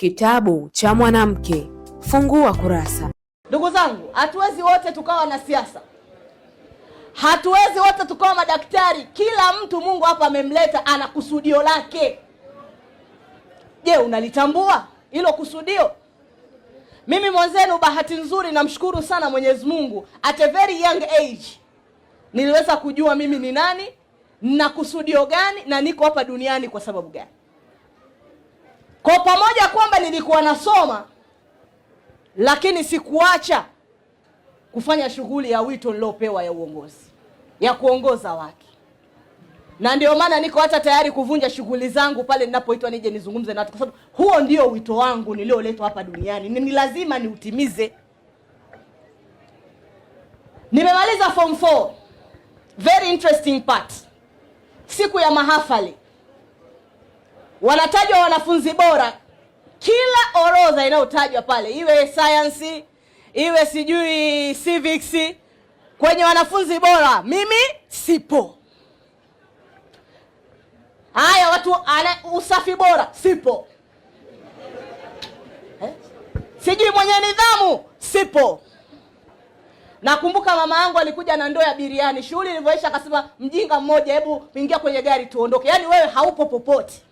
Kitabu cha mwanamke fungua kurasa. Ndugu zangu, hatuwezi wote tukawa na siasa, hatuwezi wote tukawa madaktari. Kila mtu Mungu hapa amemleta ana kusudio lake. Je, unalitambua hilo kusudio? Mimi mwenzenu, bahati nzuri, namshukuru sana Mwenyezi Mungu, at a very young age niliweza kujua mimi ni nani na kusudio gani na niko hapa duniani kwa sababu gani. Kwa pamoja kwamba nilikuwa nasoma lakini sikuacha kufanya shughuli ya wito nilopewa ya uongozi, ya kuongoza watu, na ndio maana niko hata tayari kuvunja shughuli zangu pale ninapoitwa nije nizungumze na watu, kwa sababu huo ndio wito wangu nilioletwa hapa duniani, ni lazima niutimize. Nimemaliza form 4, very interesting part, siku ya mahafali wanatajwa wanafunzi bora, kila orodha inayotajwa pale, iwe science, iwe sijui civics, kwenye wanafunzi bora mimi sipo. Haya, watu ana usafi bora sipo eh? Sijui mwenye nidhamu sipo. Nakumbuka mama yangu alikuja na ndoo ya biriani, shughuli ilivyoisha akasema, mjinga mmoja, hebu ingia kwenye gari tuondoke. Yaani wewe haupo popote.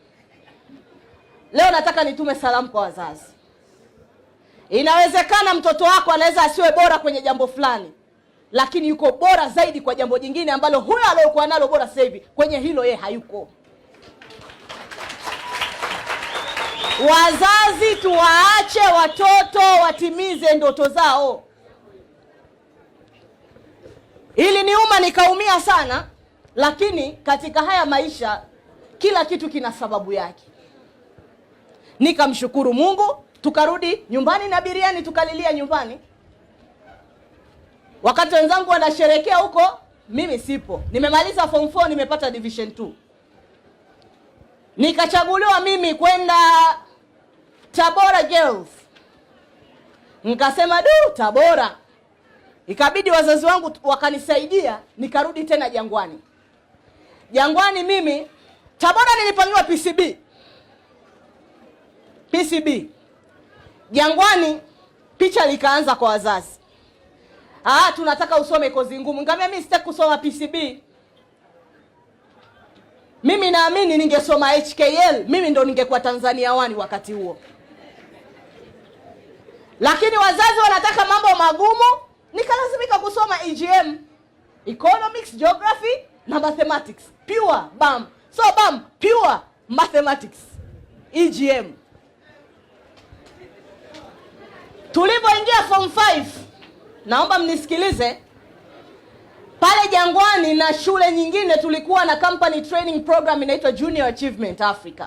Leo nataka nitume salamu kwa wazazi. Inawezekana mtoto wako anaweza asiwe bora kwenye jambo fulani, lakini yuko bora zaidi kwa jambo jingine ambalo huyo aliyokuwa nalo bora sasa hivi kwenye hilo ye hayuko. Wazazi, tuwaache watoto watimize ndoto zao. Ili niuma nikaumia sana, lakini katika haya maisha kila kitu kina sababu yake nikamshukuru Mungu, tukarudi nyumbani na biriani tukalilia nyumbani. Wakati wenzangu wanasherekea huko, mimi sipo. Nimemaliza form 4 nimepata division 2. Nikachaguliwa mimi kwenda Tabora Girls. Nikasema du, Tabora. Ikabidi wazazi wangu wakanisaidia, nikarudi tena Jangwani. Jangwani mimi Tabora nilipangiwa PCB. PCB Jangwani, picha likaanza kwa wazazi, ah, tunataka usome kozi ngumu. Ngamia mimi sitaki kusoma PCB, mimi naamini ningesoma HKL mimi ndo ningekuwa Tanzania wani wakati huo, lakini wazazi wanataka mambo magumu, nikalazimika kusoma EGM, Economics, Geography na Mathematics pure bam, so bam pure mathematics EGM. Tulipoingia form 5, naomba mnisikilize, pale Jangwani na shule nyingine tulikuwa na company training program inaitwa Junior Achievement Africa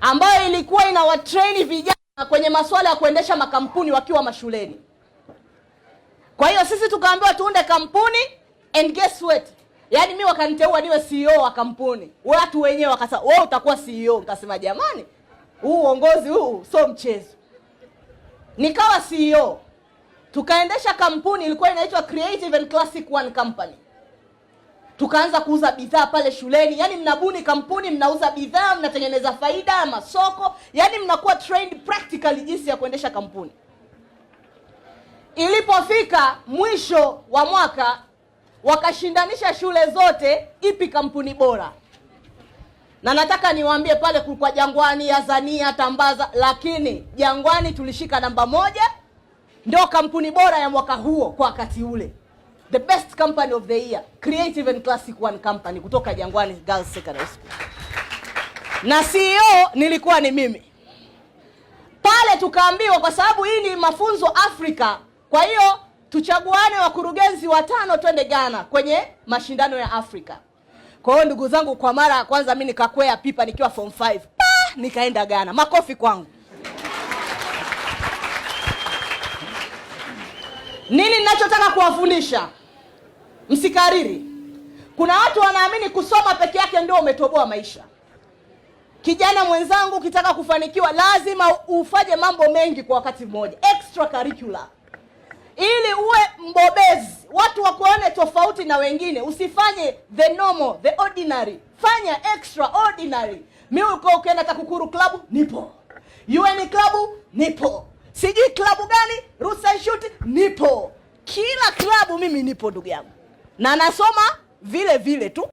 ambayo ilikuwa inawatraini vijana kwenye masuala ya kuendesha makampuni wakiwa mashuleni. Kwa hiyo sisi tukaambiwa tuunde kampuni and guess what? Yaani mi wakaniteua niwe CEO wa kampuni, watu wenyewe wakasema wewe utakuwa CEO. Nikasema jamani, huu uongozi huu sio mchezo nikawa CEO, tukaendesha kampuni ilikuwa inaitwa Creative and Classic One Company, tukaanza kuuza bidhaa pale shuleni. Yani mnabuni kampuni, mnauza bidhaa, mnatengeneza faida, masoko, yani mnakuwa trained practically jinsi ya kuendesha kampuni. Ilipofika mwisho wa mwaka, wakashindanisha shule zote, ipi kampuni bora na nataka niwaambie pale kulikuwa Jangwani, Azania, Tambaza, lakini Jangwani tulishika namba moja, ndio kampuni bora ya mwaka huo kwa wakati ule, the best company of the year, creative and classic one company kutoka Jangwani Girls Secondary School, na CEO nilikuwa ni mimi pale. Tukaambiwa kwa sababu hii ni mafunzo Afrika, kwa hiyo tuchaguane wakurugenzi watano, twende Ghana kwenye mashindano ya Afrika. Kwa hiyo ndugu zangu, kwa mara ya kwanza mimi nikakwea pipa nikiwa form 5. Nikaenda Ghana. Makofi kwangu. Nini ninachotaka kuwafundisha? Msikariri. Kuna watu wanaamini kusoma peke yake ndio umetoboa maisha. Kijana mwenzangu, ukitaka kufanikiwa lazima ufanye mambo mengi kwa wakati mmoja, extracurricular ili uwe mbobezi, watu wakuone tofauti na wengine. Usifanye the normal, the ordinary, fanya extraordinary. Mi uko ukienda TAKUKURU klabu nipo, UN klabu nipo, sijui klabu gani Rusa shoot nipo, kila klabu mimi nipo ndugu yangu, na nasoma vile vile tu